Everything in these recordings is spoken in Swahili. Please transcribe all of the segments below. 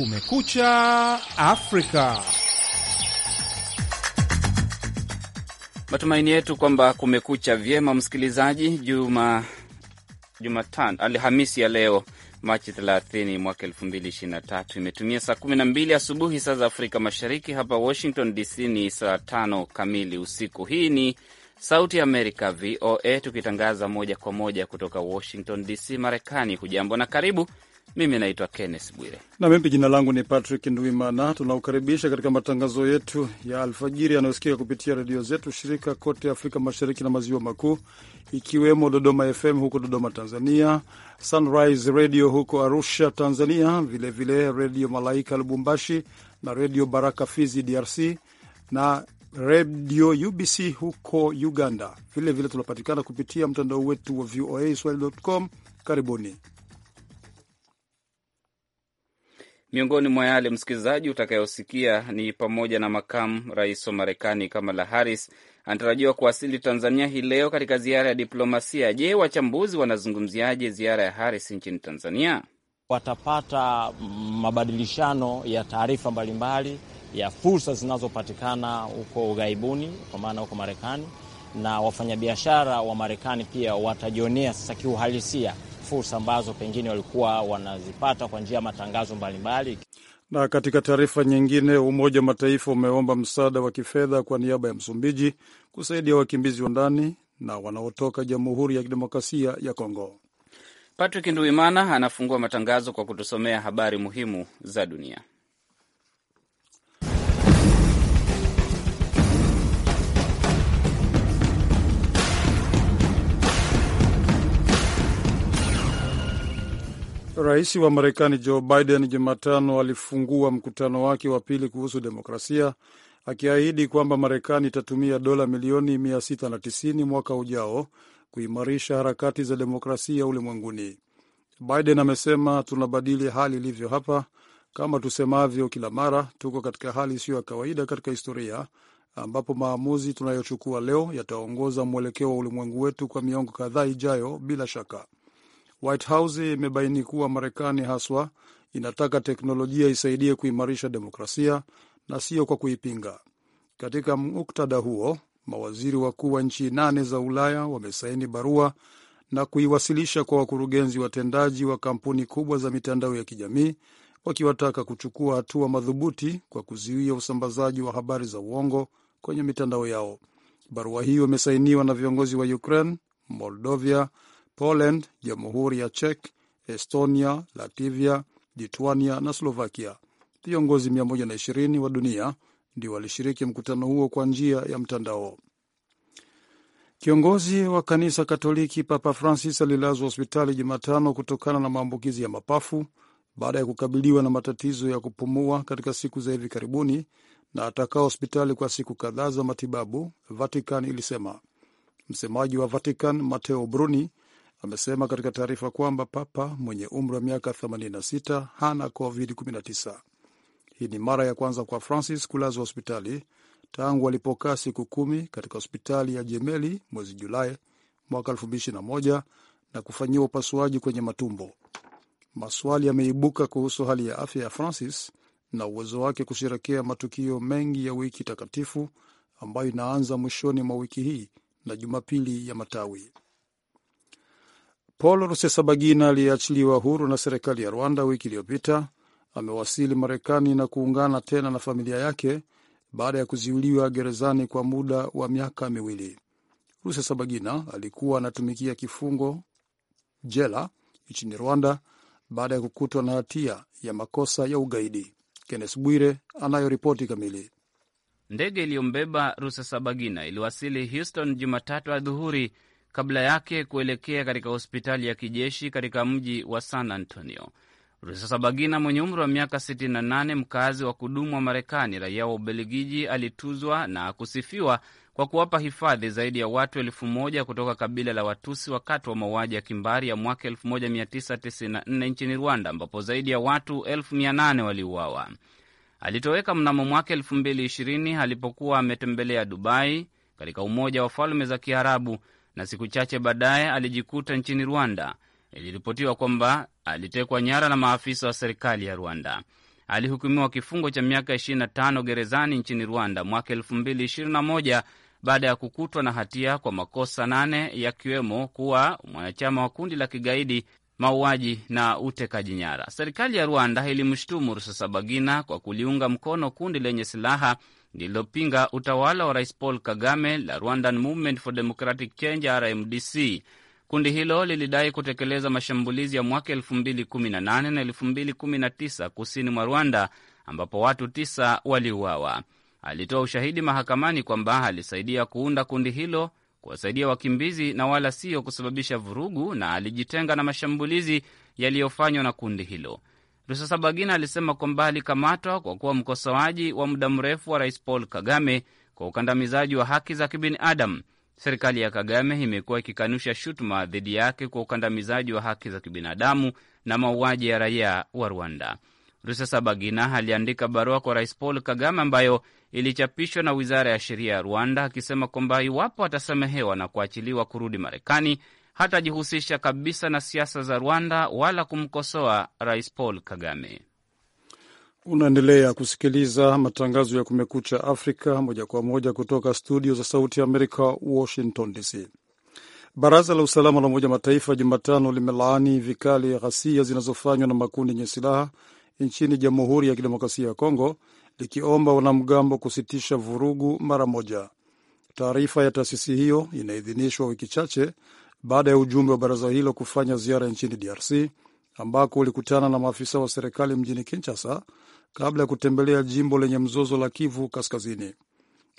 Kumekucha Afrika. Matumaini yetu kwamba kumekucha vyema, msikilizaji. Juma Jumatano, Alhamisi ya leo Machi 30 mwaka 2023, imetumia saa 12 asubuhi saa za Afrika Mashariki. Hapa Washington DC ni saa tano kamili usiku. Hii ni Sauti ya Amerika, VOA, tukitangaza moja kwa moja kutoka Washington DC, Marekani. Hujambo na karibu mimi naitwa Kennes Bwire na mimi jina langu ni Patrick nduimana Tunakukaribisha katika matangazo yetu ya alfajiri yanayosikika kupitia redio zetu shirika kote Afrika Mashariki na Maziwa Makuu, ikiwemo Dodoma FM huko Dodoma Tanzania, Sunrise Radio huko Arusha Tanzania, vilevile Redio Malaika Lubumbashi na Redio Baraka Fizi DRC na Redio UBC huko Uganda. Vilevile tunapatikana kupitia mtandao wetu wa VOA Swahili.com. Karibuni. Miongoni mwa yale msikilizaji utakayosikia ni pamoja na makamu rais wa Marekani Kamala Harris anatarajiwa kuwasili Tanzania hii leo katika ziara ya diplomasia. Je, wachambuzi wanazungumziaje ziara ya Harris nchini Tanzania? Watapata mabadilishano ya taarifa mbalimbali ya fursa zinazopatikana huko ughaibuni, kwa maana huko Marekani, na wafanyabiashara wa Marekani pia watajionea sasa kiuhalisia fursa ambazo pengine walikuwa wanazipata kwa njia ya matangazo mbalimbali. Na katika taarifa nyingine, Umoja wa Mataifa umeomba msaada wa kifedha kwa niaba ya Msumbiji kusaidia wakimbizi wa ndani na wanaotoka Jamhuri ya Kidemokrasia ya Kongo. Patrick Nduimana anafungua matangazo kwa kutusomea habari muhimu za dunia. Rais wa Marekani Joe Biden Jumatano alifungua mkutano wake wa pili kuhusu demokrasia akiahidi kwamba Marekani itatumia dola milioni 690 mwaka ujao kuimarisha harakati za demokrasia ulimwenguni. Biden amesema, tunabadili hali ilivyo hapa. Kama tusemavyo kila mara, tuko katika hali isiyo ya kawaida katika historia, ambapo maamuzi tunayochukua leo yataongoza mwelekeo wa ulimwengu wetu kwa miongo kadhaa ijayo, bila shaka. White House imebaini kuwa Marekani haswa inataka teknolojia isaidie kuimarisha demokrasia na sio kwa kuipinga. Katika muktadha huo, mawaziri wakuu wa nchi nane za Ulaya wamesaini barua na kuiwasilisha kwa wakurugenzi watendaji wa kampuni kubwa za mitandao ya kijamii wakiwataka kuchukua hatua madhubuti kwa kuzuia usambazaji wa habari za uongo kwenye mitandao yao. Barua hiyo imesainiwa na viongozi wa Ukraine, Moldovia, Poland, Jamhuri ya Czech, Estonia, Latvia, Lituania na Slovakia. Viongozi 120 wa dunia ndio walishiriki mkutano huo kwa njia ya mtandao. Kiongozi wa kanisa Katoliki Papa Francis alilazwa hospitali Jumatano kutokana na maambukizi ya mapafu baada ya kukabiliwa na matatizo ya kupumua katika siku za hivi karibuni na atakaa hospitali kwa siku kadhaa za matibabu, Vatican ilisema. Msemaji wa Vatican Mateo Bruni amesema katika taarifa kwamba papa mwenye umri wa miaka 86 hana COVID-19. Hii ni mara ya kwanza kwa Francis kulazwa hospitali tangu alipokaa siku kumi katika hospitali ya Jemeli mwezi Julai mwaka 2021 na kufanyiwa upasuaji kwenye matumbo. Maswali yameibuka kuhusu hali ya afya ya Francis na uwezo wake kusherekea matukio mengi ya wiki takatifu ambayo inaanza mwishoni mwa wiki hii na Jumapili ya Matawi. Paul Rusesabagina aliyeachiliwa huru na serikali ya Rwanda wiki iliyopita amewasili Marekani na kuungana tena na familia yake baada ya kuziuliwa gerezani kwa muda wa miaka miwili. Rusesabagina alikuwa anatumikia kifungo jela nchini Rwanda baada ya kukutwa na hatia ya makosa ya ugaidi. Kennes Bwire anayo ripoti kamili. Ndege iliyombeba Rusesabagina iliwasili Houston Jumatatu adhuhuri kabla yake kuelekea katika hospitali ya kijeshi katika mji wa San Antonio. Rusesabagina mwenye umri wa miaka 68, mkazi wa kudumu wa Marekani, raia wa Ubelgiji, alituzwa na kusifiwa kwa kuwapa hifadhi zaidi ya watu elfu moja kutoka kabila la Watusi wakati wa mauaji ya kimbari ya mwaka 1994 nchini Rwanda, ambapo zaidi ya watu elfu mia nane waliuawa. Alitoweka mnamo mwaka 2020 alipokuwa ametembelea Dubai katika Umoja wa Falme za Kiarabu na siku chache baadaye alijikuta nchini Rwanda. Iliripotiwa kwamba alitekwa nyara na maafisa wa serikali ya Rwanda. Alihukumiwa kifungo cha miaka 25 gerezani nchini Rwanda mwaka 2021 baada ya kukutwa na hatia kwa makosa nane yakiwemo kuwa mwanachama wa kundi la kigaidi, mauaji na utekaji nyara. Serikali ya Rwanda ilimshutumu Rusesabagina kwa kuliunga mkono kundi lenye silaha lililopinga utawala wa Rais Paul Kagame la Rwandan Movement for Democratic Change, RMDC. Kundi hilo lilidai kutekeleza mashambulizi ya mwaka 2018 na 2019 kusini mwa Rwanda, ambapo watu tisa waliuawa. Alitoa ushahidi mahakamani kwamba alisaidia kuunda kundi hilo, kuwasaidia wakimbizi na wala sio kusababisha vurugu, na alijitenga na mashambulizi yaliyofanywa na kundi hilo. Bagina alisema kwamba alikamatwa kwa kuwa mkosoaji wa muda mrefu wa rais Paul Kagame kwa ukandamizaji wa haki za kibinadamu. Serikali ya Kagame imekuwa ikikanusha shutuma dhidi yake kwa ukandamizaji wa haki za kibinadamu na mauaji ya raia wa Rwanda. Rusesabagina aliandika barua kwa rais Paul Kagame ambayo ilichapishwa na wizara ya sheria ya Rwanda akisema kwamba iwapo atasamehewa na kuachiliwa kurudi Marekani, hatajihusisha kabisa na siasa za Rwanda wala kumkosoa Rais Paul Kagame. Unaendelea kusikiliza matangazo ya Kumekucha Afrika moja kwa moja kutoka studio za Sauti ya Amerika, Washington DC. Baraza la Usalama la Umoja Mataifa Jumatano limelaani vikali ghasia zinazofanywa na makundi yenye silaha nchini Jamhuri ya Kidemokrasia ya Kongo, likiomba wanamgambo kusitisha vurugu mara moja. Taarifa ya taasisi hiyo inaidhinishwa wiki chache baada ya ujumbe wa baraza hilo kufanya ziara nchini DRC ambako ulikutana na maafisa wa serikali mjini Kinshasa kabla ya kutembelea jimbo lenye mzozo la Kivu Kaskazini.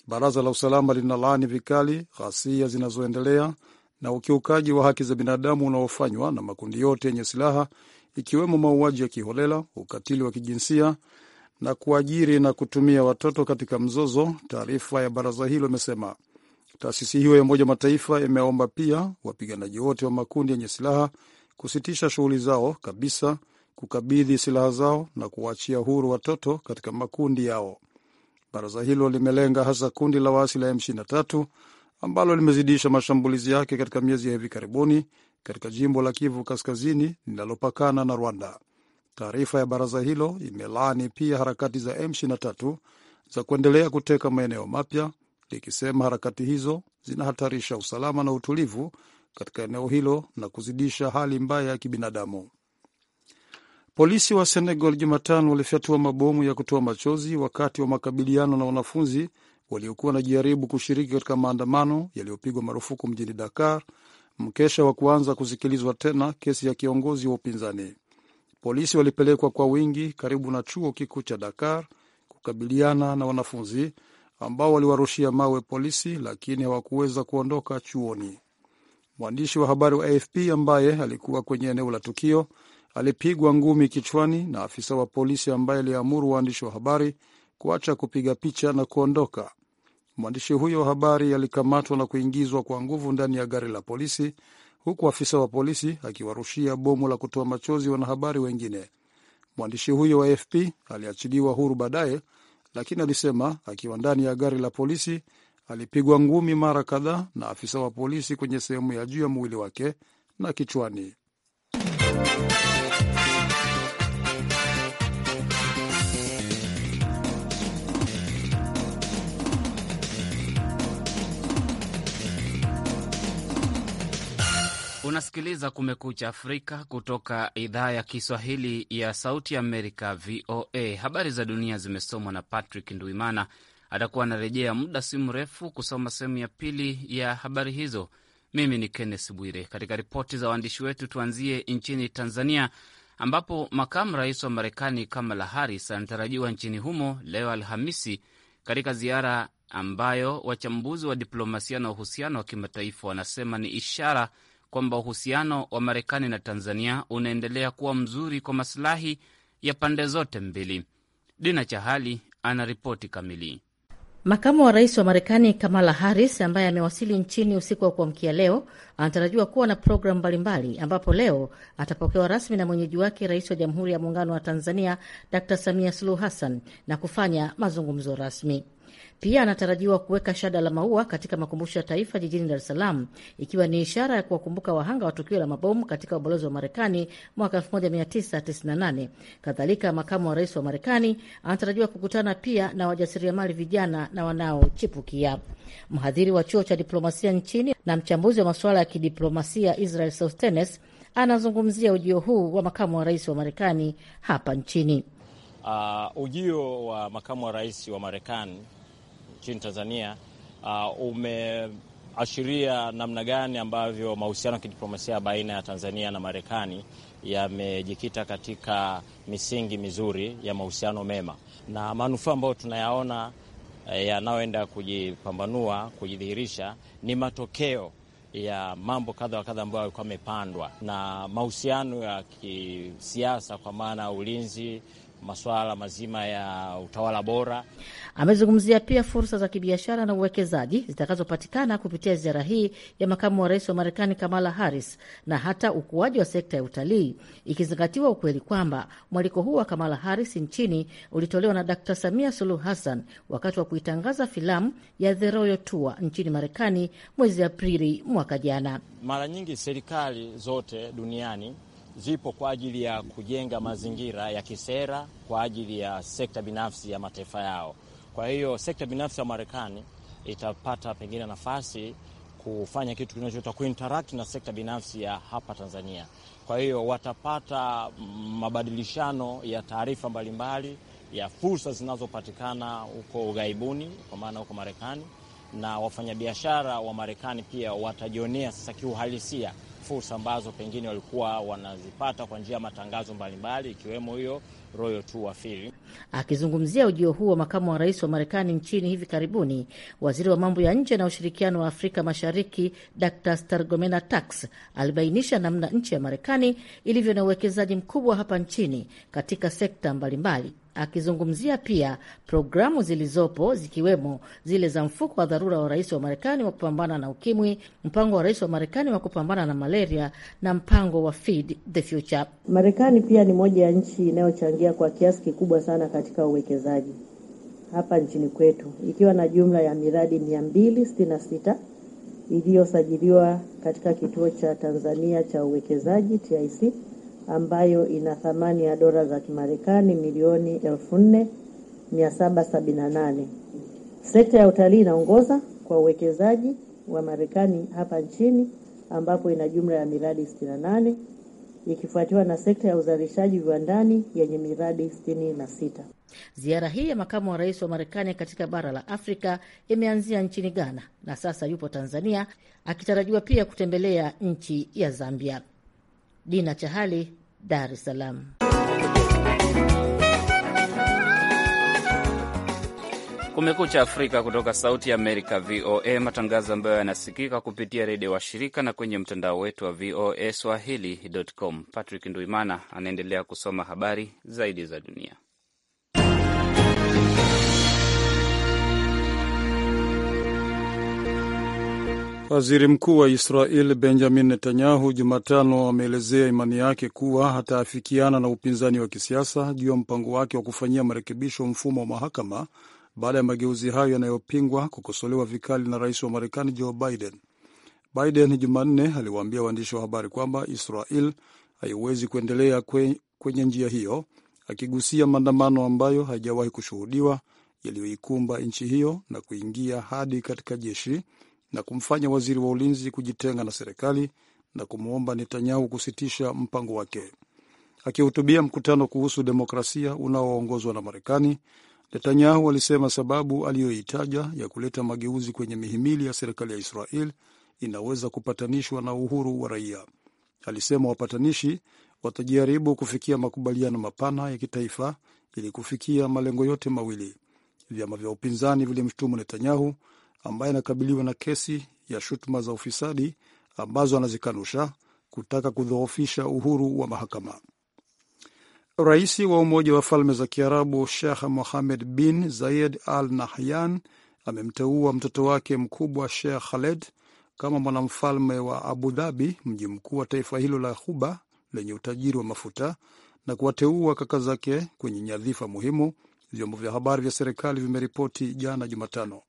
Baraza la usalama linalaani vikali ghasia zinazoendelea na ukiukaji wa haki za binadamu unaofanywa na makundi yote yenye silaha ikiwemo mauaji ya kiholela, ukatili wa kijinsia na kuajiri na kutumia watoto katika mzozo, taarifa ya baraza hilo imesema. Taasisi hiyo ya Umoja Mataifa imeomba pia wapiganaji wote wa makundi yenye silaha kusitisha shughuli zao kabisa, kukabidhi silaha zao na kuwaachia huru watoto katika makundi yao. Baraza hilo limelenga hasa kundi la waasi la M23 ambalo limezidisha mashambulizi yake katika miezi ya hivi karibuni katika jimbo la Kivu Kaskazini linalopakana na Rwanda. Taarifa ya baraza hilo imelaani pia harakati za M23 za kuendelea kuteka maeneo mapya likisema harakati hizo zinahatarisha usalama na utulivu katika eneo hilo na kuzidisha hali mbaya ya kibinadamu. Polisi wa Senegal Jumatano walifyatua mabomu ya kutoa machozi wakati wa makabiliano na wanafunzi waliokuwa wanajaribu kushiriki katika maandamano yaliyopigwa marufuku mjini Dakar, mkesha wa kuanza kusikilizwa tena kesi ya kiongozi wa upinzani. Polisi walipelekwa kwa wingi karibu na chuo kikuu cha Dakar kukabiliana na wanafunzi ambao waliwarushia mawe polisi, lakini hawakuweza kuondoka chuoni. Mwandishi wa habari wa AFP ambaye alikuwa kwenye eneo la tukio alipigwa ngumi kichwani na afisa wa polisi ambaye aliamuru waandishi wa habari kuacha kupiga picha na kuondoka. Mwandishi huyo wa habari alikamatwa na kuingizwa kwa nguvu ndani ya gari la polisi, huku afisa wa polisi akiwarushia bomu la kutoa machozi wanahabari wengine. Mwandishi huyo wa AFP aliachiliwa huru baadaye lakini alisema akiwa ndani ya gari la polisi alipigwa ngumi mara kadhaa na afisa wa polisi kwenye sehemu ya juu ya mwili wake na kichwani. Unasikiliza Kumekucha Afrika kutoka idhaa ya Kiswahili ya Sauti Amerika, VOA. Habari za dunia zimesomwa na Patrick Nduimana. Atakuwa anarejea muda si mrefu kusoma sehemu ya pili ya habari hizo. Mimi ni Kenneth Bwire. Katika ripoti za waandishi wetu, tuanzie nchini Tanzania ambapo makamu rais wa Marekani Kamala Harris anatarajiwa nchini humo leo Alhamisi katika ziara ambayo wachambuzi wa diplomasia na uhusiano wa kimataifa wanasema ni ishara kwamba uhusiano wa Marekani na Tanzania unaendelea kuwa mzuri kwa masilahi ya pande zote mbili. Dina Chahali ana ripoti kamili. Makamu wa rais wa Marekani Kamala Harris, ambaye amewasili nchini usiku wa kuamkia leo, anatarajiwa kuwa na programu mbalimbali, ambapo leo atapokewa rasmi na mwenyeji wake rais wa Jamhuri ya Muungano wa Tanzania Dr Samia Suluhu Hassan na kufanya mazungumzo rasmi. Pia anatarajiwa kuweka shada la maua katika makumbusho ya taifa jijini Dar es Salaam, ikiwa ni ishara ya kuwakumbuka wahanga wa tukio la mabomu katika ubalozi wa Marekani mwaka 1998. Kadhalika, makamu wa rais wa Marekani anatarajiwa kukutana pia na wajasiriamali vijana na wanaochipukia. Mhadhiri wa chuo cha diplomasia nchini na mchambuzi wa masuala ya kidiplomasia Israel Sostenes anazungumzia ujio huu wa makamu wa rais wa Marekani hapa nchini. Uh, ujio wa makamu wa rais wa Marekani nchini Tanzania uh, umeashiria namna gani ambavyo mahusiano ya kidiplomasia baina ya Tanzania na Marekani yamejikita katika misingi mizuri ya mahusiano mema na manufaa ambayo tunayaona eh, yanayoenda kujipambanua kujidhihirisha ni matokeo ya mambo kadha wa kadha ambayo yalikuwa amepandwa na mahusiano ya kisiasa, kwa maana ya ulinzi masuala mazima ya utawala bora. Amezungumzia pia fursa za kibiashara na uwekezaji zitakazopatikana kupitia ziara hii ya makamu wa rais wa Marekani Kamala Harris na hata ukuaji wa sekta ya utalii, ikizingatiwa ukweli kwamba mwaliko huu wa Kamala Harris nchini ulitolewa na Dkt. Samia Suluhu Hassan wakati wa kuitangaza filamu ya The Royal Tour nchini Marekani mwezi Aprili mwaka jana. Mara nyingi serikali zote duniani zipo kwa ajili ya kujenga mazingira ya kisera kwa ajili ya sekta binafsi ya mataifa yao. Kwa hiyo sekta binafsi ya Marekani itapata pengine nafasi kufanya kitu kinachoitwa kuinteract na sekta binafsi ya hapa Tanzania. Kwa hiyo watapata mabadilishano ya taarifa mbalimbali ya fursa zinazopatikana huko ughaibuni, kwa maana huko Marekani, na wafanyabiashara wa Marekani pia watajionea sasa kiuhalisia fursa ambazo pengine walikuwa wanazipata kwa njia ya matangazo mbalimbali ikiwemo hiyo Royal Tour Akizungumzia ujio huu wa makamu wa rais wa Marekani nchini hivi karibuni, waziri wa mambo ya nje na ushirikiano wa Afrika Mashariki Dr Stargomena Tax alibainisha namna nchi ya Marekani ilivyo na uwekezaji mkubwa hapa nchini katika sekta mbalimbali akizungumzia pia programu zilizopo zikiwemo zile za mfuko wa dharura wa rais wa Marekani wa kupambana na ukimwi, mpango wa rais wa Marekani wa kupambana na malaria na mpango wa Feed the Future. Marekani pia ni moja ya nchi inayochangia zimechangia kwa kiasi kikubwa sana katika uwekezaji hapa nchini kwetu ikiwa na jumla ya miradi 266 iliyosajiliwa katika kituo cha Tanzania cha uwekezaji TIC ambayo ina thamani ya dola za Kimarekani milioni 4778. Sekta ya utalii inaongoza kwa uwekezaji wa Marekani hapa nchini ambapo ina jumla ya miradi 68 ikifuatiwa na sekta ya uzalishaji viwandani yenye miradi 66. Ziara hii ya makamu wa rais wa Marekani katika bara la Afrika imeanzia nchini Ghana na sasa yupo Tanzania, akitarajiwa pia kutembelea nchi ya Zambia. Dina Chahali, Dar es Salaam. Kumekucha Afrika kutoka Sauti ya Amerika, VOA, matangazo ambayo yanasikika kupitia redio washirika na kwenye mtandao wetu wa VOA Swahili.com. Patrick Nduimana anaendelea kusoma habari zaidi za dunia. Waziri mkuu wa Israel Benjamin Netanyahu Jumatano ameelezea imani yake kuwa hataafikiana na upinzani wa kisiasa juu ya mpango wake wa kufanyia marekebisho mfumo wa mahakama baada ya mageuzi hayo yanayopingwa kukosolewa vikali na rais wa Marekani Joe Biden. Biden Jumanne aliwaambia waandishi wa habari kwamba Israel haiwezi kuendelea kwenye njia hiyo, akigusia maandamano ambayo hajawahi kushuhudiwa yaliyoikumba nchi hiyo na kuingia hadi katika jeshi na kumfanya waziri wa ulinzi kujitenga na serikali na kumwomba Netanyahu kusitisha mpango wake. Akihutubia mkutano kuhusu demokrasia unaoongozwa na Marekani, Netanyahu alisema sababu aliyoitaja ya kuleta mageuzi kwenye mihimili ya serikali ya Israel inaweza kupatanishwa na uhuru wa raia. Alisema wapatanishi watajaribu kufikia makubaliano mapana ya kitaifa ili kufikia malengo yote mawili. Vyama vya upinzani vilimshutumu Netanyahu ambaye anakabiliwa na kesi ya shutuma za ufisadi ambazo anazikanusha, kutaka kudhoofisha uhuru wa mahakama. Rais wa Umoja wa Falme za Kiarabu shekh Mohammed bin Zayed Al Nahyan amemteua mtoto wake mkubwa Sheikh Khaled kama mwanamfalme wa Abu Dhabi, mji mkuu wa taifa hilo la Ghuba lenye utajiri wa mafuta, na kuwateua kaka zake kwenye nyadhifa muhimu, vyombo vya habari vya serikali vimeripoti jana Jumatano.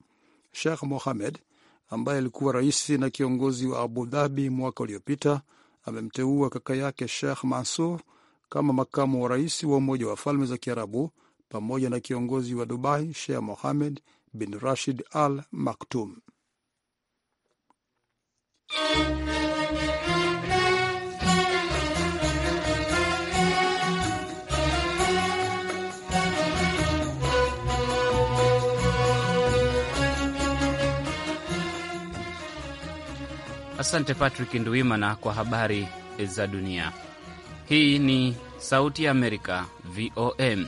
Sheikh Mohammed ambaye alikuwa rais na kiongozi wa Abu Dhabi mwaka uliopita amemteua kaka yake shekh Mansur kama makamu wa rais wa Umoja wa Falme za Kiarabu pamoja na kiongozi wa Dubai Sheikh Mohammed bin Rashid Al Maktoum. Asante Patrick Nduimana kwa habari za dunia. Hii ni Sauti ya Amerika, VOM.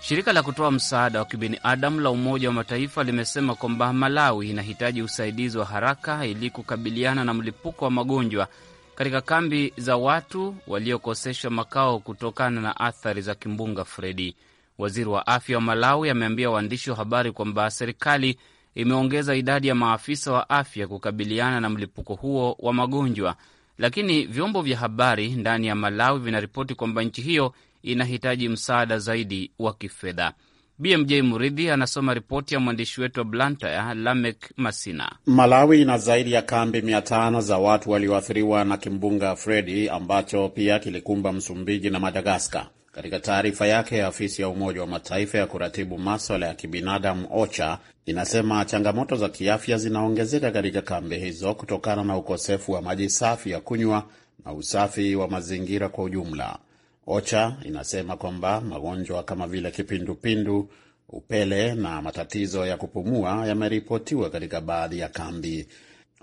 Shirika la kutoa msaada wa kibinadamu la Umoja wa Mataifa limesema kwamba Malawi inahitaji usaidizi wa haraka ili kukabiliana na mlipuko wa magonjwa katika kambi za watu waliokoseshwa makao kutokana na athari za kimbunga Fredi. Waziri wa afya wa Malawi ameambia waandishi wa habari kwamba serikali imeongeza idadi ya maafisa wa afya kukabiliana na mlipuko huo wa magonjwa lakini vyombo vya habari ndani ya Malawi vinaripoti kwamba nchi hiyo inahitaji msaada zaidi wa kifedha. BMJ Muridhi anasoma ripoti ya mwandishi wetu wa Blantaya, Lamek Masina. Malawi ina zaidi ya kambi mia tano za watu walioathiriwa na kimbunga Fredi ambacho pia kilikumba Msumbiji na Madagaskar. Katika taarifa yake ya ofisi ya Umoja wa Mataifa ya kuratibu maswala ya kibinadamu OCHA inasema changamoto za kiafya zinaongezeka katika kambi hizo kutokana na ukosefu wa maji safi ya kunywa na usafi wa mazingira kwa ujumla. OCHA inasema kwamba magonjwa kama vile kipindupindu, upele na matatizo ya kupumua yameripotiwa katika baadhi ya kambi.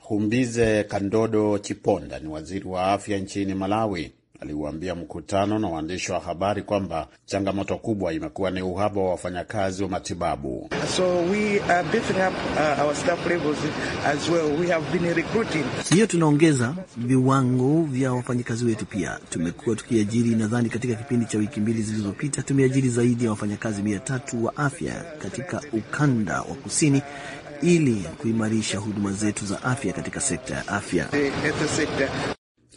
Humbize Kandodo Chiponda ni waziri wa afya nchini Malawi aliuambia mkutano na waandishi wa habari kwamba changamoto kubwa imekuwa ni uhaba wa wafanyakazi wa matibabu. Hiyo tunaongeza viwango vya wafanyakazi wetu. Pia tumekuwa tukiajiri, nadhani katika kipindi cha wiki mbili zilizopita tumeajiri zaidi ya wafanyakazi mia tatu wa afya katika ukanda wa kusini ili kuimarisha huduma zetu za afya katika sekta ya afya. Eh, eh,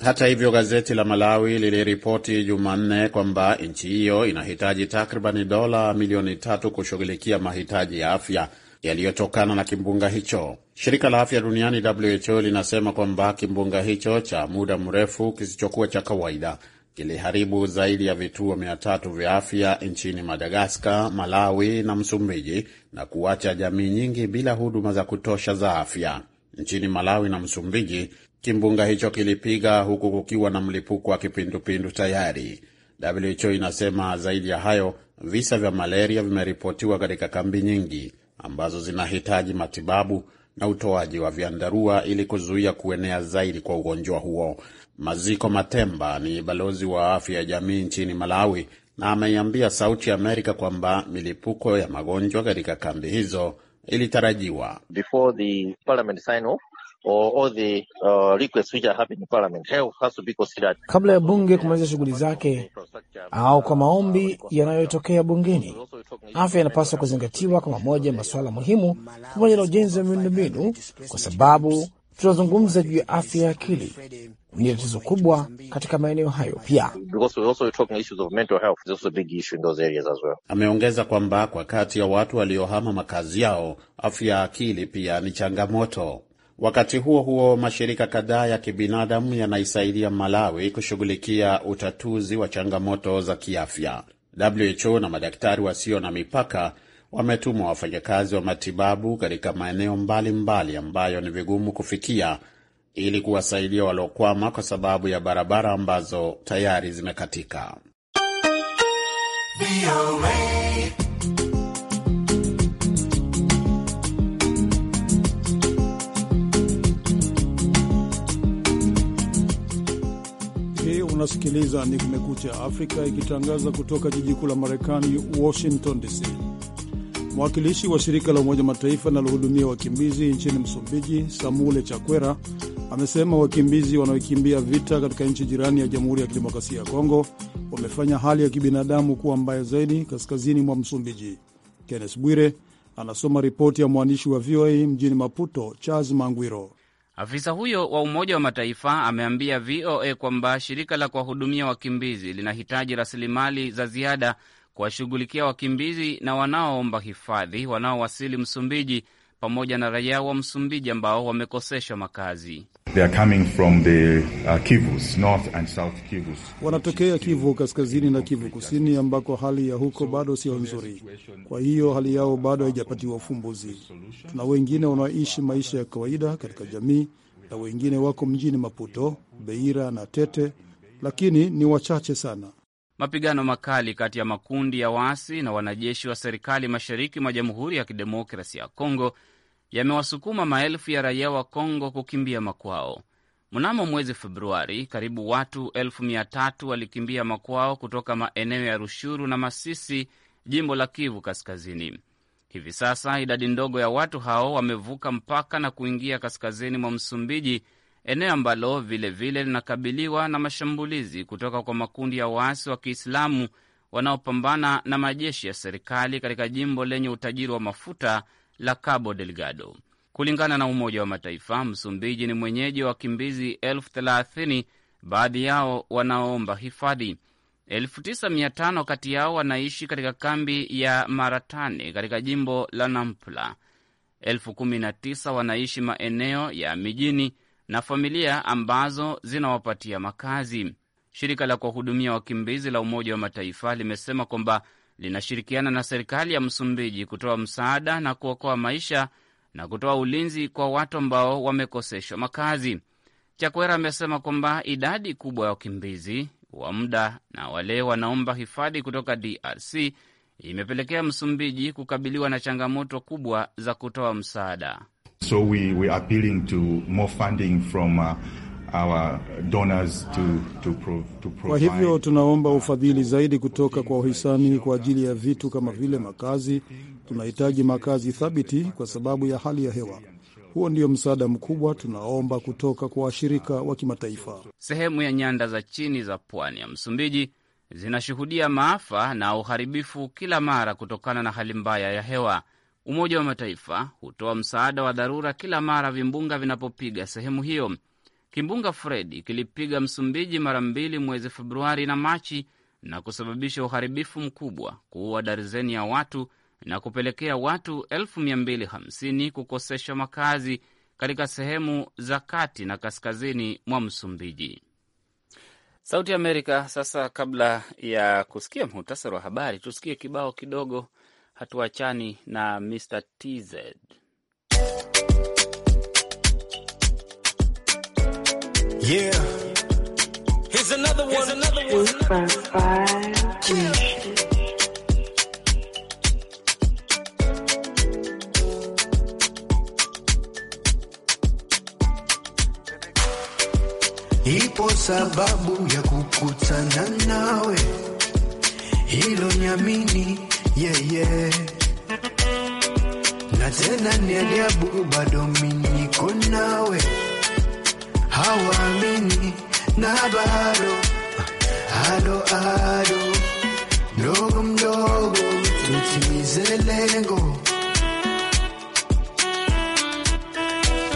hata hivyo, gazeti la Malawi liliripoti Jumanne kwamba nchi hiyo inahitaji takriban dola milioni tatu kushughulikia mahitaji ya afya yaliyotokana na kimbunga hicho. Shirika la afya duniani WHO linasema kwamba kimbunga hicho cha muda mrefu kisichokuwa cha kawaida kiliharibu zaidi ya vituo mia tatu vya afya nchini Madagaskar, Malawi na Msumbiji na kuacha jamii nyingi bila huduma za kutosha za afya. Nchini Malawi na Msumbiji, Kimbunga hicho kilipiga huku kukiwa na mlipuko wa kipindupindu tayari. WHO inasema zaidi ya hayo, visa vya malaria vimeripotiwa katika kambi nyingi ambazo zinahitaji matibabu na utoaji wa vyandarua ili kuzuia kuenea zaidi kwa ugonjwa huo. Maziko Matemba ni balozi wa afya ya jamii nchini Malawi na ameiambia Sauti ya Amerika kwamba milipuko ya magonjwa katika kambi hizo ilitarajiwa. Before the parliament sign off, or all the uh, requests which are happening in parliament has to be considered. Kabla ya bunge kumaliza shughuli zake au kwa maombi yanayotokea bungeni, afya inapaswa kuzingatiwa kama moja ya masuala muhimu, pamoja na ujenzi wa miundombinu, kwa sababu tunazungumza juu ya afya ya akili ni tatizo kubwa katika maeneo hayo pia. Ameongeza kwamba kwa kati ya watu waliohama makazi yao, afya ya akili pia ni changamoto. Wakati huo huo, mashirika kadhaa ya kibinadamu yanaisaidia Malawi kushughulikia utatuzi wa changamoto za kiafya. WHO na madaktari wasio na mipaka wametumwa wafanyakazi wa matibabu katika maeneo mbalimbali mbali ambayo ni vigumu kufikia ili kuwasaidia waliokwama kwa sababu ya barabara ambazo tayari zimekatika. unasikiliza ni Kumekucha Afrika ikitangaza kutoka jiji kuu la Marekani, Washington DC. Mwakilishi wa shirika la Umoja Mataifa linalohudumia wakimbizi nchini Msumbiji, Samule Chakwera, amesema wakimbizi wanaokimbia vita katika nchi jirani ya Jamhuri ya Kidemokrasia ya Kongo wamefanya hali ya kibinadamu kuwa mbaya zaidi kaskazini mwa Msumbiji. Kenneth Bwire anasoma ripoti ya mwandishi wa VOA mjini Maputo, Charles Mangwiro. Afisa huyo wa Umoja wa Mataifa ameambia VOA kwamba shirika la kuwahudumia wakimbizi linahitaji rasilimali za ziada kuwashughulikia wakimbizi na wanaoomba hifadhi wanaowasili Msumbiji pamoja na raia wa Msumbiji ambao wamekoseshwa makazi. They are coming from the, uh, Kivus, North and South Kivus. Wanatokea Kivu kaskazini na Kivu kusini ambako hali ya huko bado sio nzuri, kwa hiyo hali yao bado haijapatiwa ufumbuzi. Tuna wengine wanaoishi maisha ya kawaida katika jamii na wengine wako mjini Maputo, Beira na Tete, lakini ni wachache sana mapigano makali kati ya makundi ya waasi na wanajeshi wa serikali mashariki mwa Jamhuri ya Kidemokrasia ya Kongo yamewasukuma maelfu ya raia wa Kongo kukimbia makwao. Mnamo mwezi Februari, karibu watu elfu mia tatu walikimbia makwao kutoka maeneo ya Rushuru na Masisi, jimbo la Kivu Kaskazini. Hivi sasa idadi ndogo ya watu hao wamevuka mpaka na kuingia kaskazini mwa Msumbiji eneo ambalo vilevile linakabiliwa na mashambulizi kutoka kwa makundi ya waasi wa Kiislamu wanaopambana na majeshi ya serikali katika jimbo lenye utajiri wa mafuta la Cabo Delgado. Kulingana na Umoja wa Mataifa, Msumbiji ni mwenyeji wa wakimbizi elfu thelathini, baadhi yao wanaoomba hifadhi. elfu tisa mia tano kati yao wanaishi katika kambi ya Maratane katika jimbo la Nampula, elfu kumi na tisa wanaishi maeneo ya mijini na familia ambazo zinawapatia makazi. Shirika la kuwahudumia wakimbizi la Umoja wa Mataifa limesema kwamba linashirikiana na serikali ya Msumbiji kutoa msaada na kuokoa maisha na kutoa ulinzi kwa watu ambao wamekoseshwa makazi. Chakwera amesema kwamba idadi kubwa ya wakimbizi wa muda na wale wanaomba hifadhi kutoka DRC imepelekea Msumbiji kukabiliwa na changamoto kubwa za kutoa msaada. So we, we appealing to more funding from uh, our donors to, to pro, to provide. Kwa hivyo tunaomba ufadhili zaidi kutoka kwa uhisani kwa ajili ya vitu kama vile makazi. Tunahitaji makazi thabiti kwa sababu ya hali ya hewa. Huo ndio msaada mkubwa tunaomba kutoka kwa washirika wa kimataifa. Sehemu ya nyanda za chini za pwani ya Msumbiji zinashuhudia maafa na uharibifu kila mara kutokana na hali mbaya ya hewa. Umoja wa Mataifa hutoa msaada wa dharura kila mara vimbunga vinapopiga sehemu hiyo. Kimbunga Fredi kilipiga Msumbiji mara mbili mwezi Februari na Machi na kusababisha uharibifu mkubwa, kuua darzeni ya watu na kupelekea watu 250 kukosesha kukoseshwa makazi katika sehemu za kati na kaskazini mwa Msumbiji. Sauti Amerika. Sasa, kabla ya kusikia muhtasari wa habari, tusikie kibao kidogo hatuachani na Mr TZ. Yeah. Here's another one, Here's another one. Ipo sababu ya kukutana nawe, hilo nyamini yeah, yeah. Na tena ni ajabu bado mimi nawe, hawaamini na bado ado ado mdogo mdogo tutimize lengo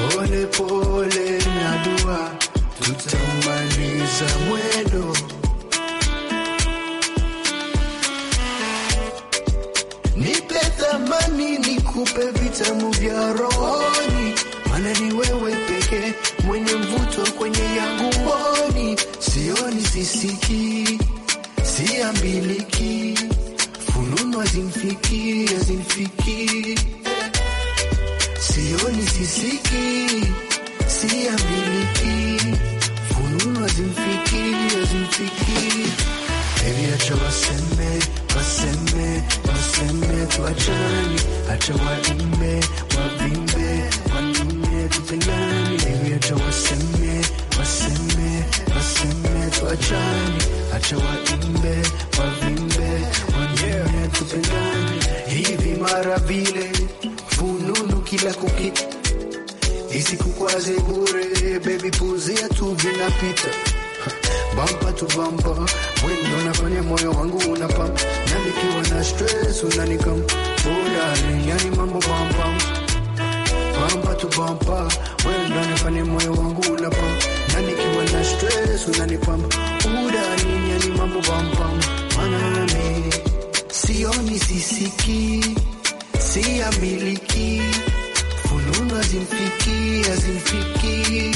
pole pole na dua tutaumaliza mwendo nikupe vitamu vya rohoni, mana ni wewe pekee mwenye mvuto kwenye yangu mboni. Sioni, sisiki, siambiliki, fununu azimfiki, azimfiki, sioni, sisiki, siambiliki, fununu azimfiki, azimfiki Baby acha waseme, waseme, waseme tuachane, acha waime, wavimbe, wanime tupendane. acha waseme, waseme, waseme tuachane, acha waime, wavimbe, wanime tupendane. Hivi mara vile fununu kila kukita, isikukwaze bure, baby puzia tu vinapita bampa tu bampa, wewe ndo unafanya moyo wangu unapampa, na nikiwa na stress unanikam oh, darling, yani mambo bampa bampa tu bampa, wewe ndo unafanya moyo wangu unapampa, na nikiwa na stress oh darling, yani mambo bampa, maana mimi sioni sisiki siyamiliki fununu azimfiki azimfiki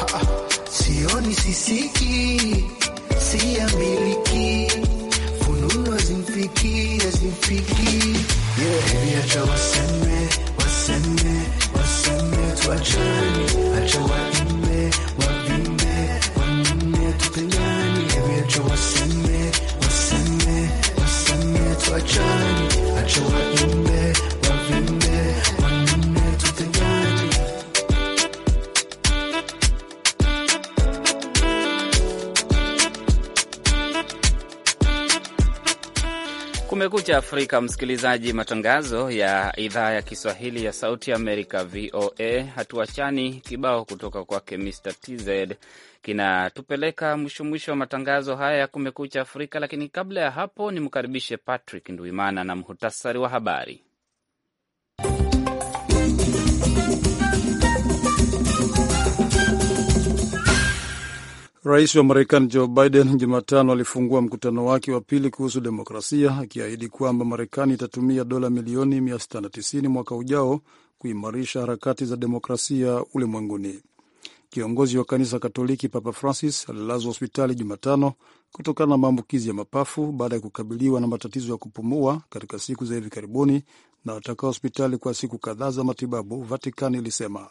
ha -ha sioni sisiki, siamiliki, fununu acha waseme, waseme, waseme, acha waimbe, wavimbe, tupendani. acha waseme, waseme, waseme, acha waimbe Kumekucha Afrika, msikilizaji, matangazo ya idhaa ya Kiswahili ya Sauti Amerika, VOA. Hatuachani kibao kutoka kwake Mr TZ kinatupeleka mwisho mwisho wa matangazo haya ya Kumekucha Afrika, lakini kabla ya hapo nimkaribishe Patrick Nduimana na mhutasari wa habari. Rais wa Marekani Joe Biden Jumatano alifungua mkutano wake wa pili kuhusu demokrasia akiahidi kwamba Marekani itatumia dola milioni 690 mwaka ujao kuimarisha harakati za demokrasia ulimwenguni. Kiongozi wa kanisa Katoliki Papa Francis alilazwa hospitali Jumatano kutokana na maambukizi ya mapafu baada ya kukabiliwa na matatizo ya kupumua katika siku za hivi karibuni na atakaa hospitali kwa siku kadhaa za matibabu, Vatikani ilisema.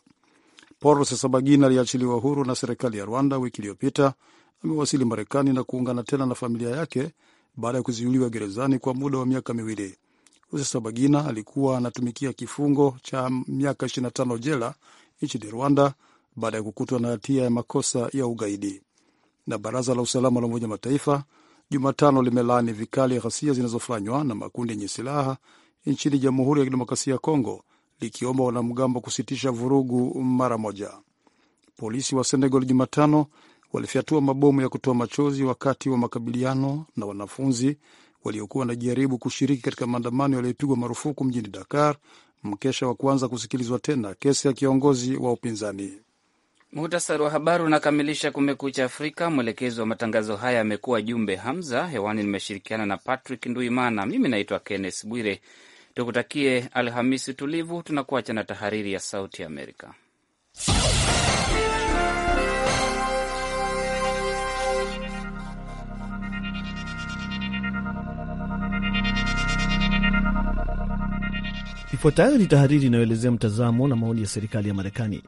Paul Rusesabagina aliyeachiliwa huru na serikali ya Rwanda wiki iliyopita amewasili Marekani na kuungana tena na familia yake baada ya kuzuiliwa gerezani kwa muda wa miaka miwili. Rusesabagina alikuwa anatumikia kifungo cha miaka 25 jela nchini Rwanda baada ya kukutwa na hatia ya makosa ya ugaidi. Na baraza la usalama la Umoja wa Mataifa Jumatano limelaani vikali ghasia zinazofanywa na makundi yenye silaha nchini Jamhuri ya Kidemokrasia ya Kongo likiomba wanamgambo kusitisha vurugu mara moja. Polisi wa Senegal Jumatano walifyatua mabomu ya kutoa machozi wakati wa makabiliano na wanafunzi waliokuwa wanajaribu kushiriki katika maandamano yaliyopigwa marufuku mjini Dakar, mkesha wa kuanza kusikilizwa tena kesi ya kiongozi wa upinzani. Muhtasari wa habari unakamilisha Kumekucha Afrika. Mwelekezi wa matangazo haya amekuwa Jumbe Hamza. Hewani nimeshirikiana na Patrick Nduimana. Mimi naitwa Kenneth Bwire. Tukutakie Alhamisi tulivu. Tunakuacha na tahariri ya Sauti Amerika. Ifuatayo ni tahariri inayoelezea mtazamo na maoni ya serikali ya Marekani.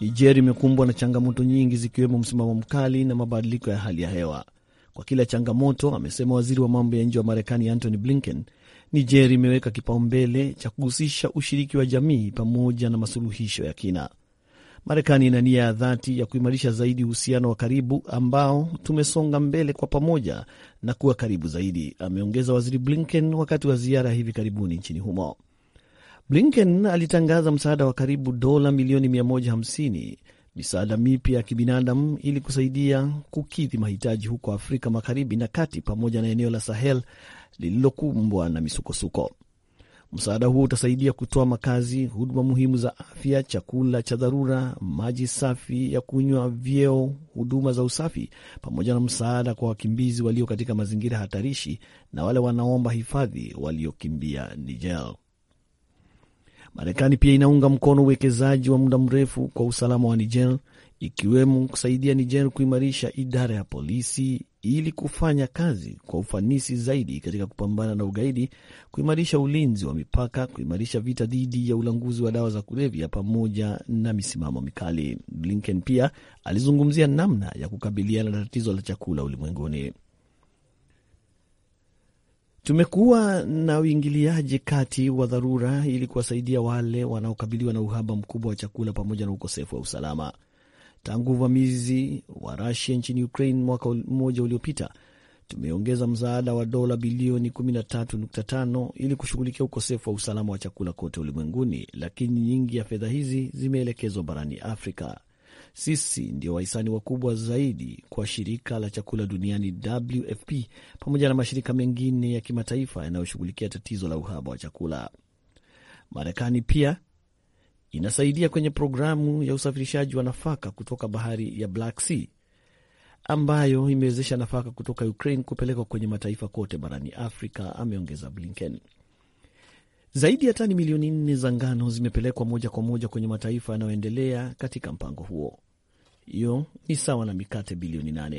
Nigeria imekumbwa na changamoto nyingi zikiwemo msimamo mkali na mabadiliko ya hali ya hewa. Kwa kila changamoto, amesema waziri wa mambo ya nje wa Marekani Antony Blinken, Niger imeweka kipaumbele cha kuhusisha ushiriki wa jamii pamoja na masuluhisho ya kina. Marekani ina nia ya dhati ya kuimarisha zaidi uhusiano wa karibu ambao tumesonga mbele kwa pamoja na kuwa karibu zaidi, ameongeza Waziri Blinken wakati wa ziara hivi karibuni nchini humo. Blinken alitangaza msaada wa karibu dola milioni 150 misaada mipya ya kibinadamu ili kusaidia kukidhi mahitaji huko Afrika Magharibi na Kati pamoja na eneo la Sahel lililokumbwa na misukosuko. Msaada huo utasaidia kutoa makazi, huduma muhimu za afya, chakula cha dharura, maji safi ya kunywa, vyeo, huduma za usafi, pamoja na msaada kwa wakimbizi walio katika mazingira hatarishi na wale wanaomba hifadhi waliokimbia Niger. Marekani pia inaunga mkono uwekezaji wa muda mrefu kwa usalama wa Niger, ikiwemo kusaidia Niger kuimarisha idara ya polisi ili kufanya kazi kwa ufanisi zaidi katika kupambana na ugaidi, kuimarisha ulinzi wa mipaka, kuimarisha vita dhidi ya ulanguzi wa dawa za kulevya pamoja na misimamo mikali. Blinken pia alizungumzia namna ya kukabiliana na tatizo la chakula ulimwenguni. Tumekuwa na uingiliaji kati wa dharura ili kuwasaidia wale wanaokabiliwa na uhaba mkubwa wa chakula pamoja na ukosefu wa usalama. Tangu uvamizi wa Rusia nchini Ukraine mwaka mmoja uliopita, tumeongeza msaada wa dola bilioni 13.5 ili kushughulikia ukosefu wa usalama wa chakula kote ulimwenguni, lakini nyingi ya fedha hizi zimeelekezwa barani Afrika. Sisi ndio wahisani wakubwa zaidi kwa shirika la chakula duniani WFP, pamoja na mashirika mengine ya kimataifa yanayoshughulikia tatizo la uhaba wa chakula. Marekani pia inasaidia kwenye programu ya usafirishaji wa nafaka kutoka bahari ya Black Sea ambayo imewezesha nafaka kutoka Ukraine kupelekwa kwenye mataifa kote barani Afrika, ameongeza Blinken. Zaidi ya tani milioni nne za ngano zimepelekwa moja kwa moja kwenye mataifa yanayoendelea katika mpango huo hiyo ni sawa na mikate bilioni 8.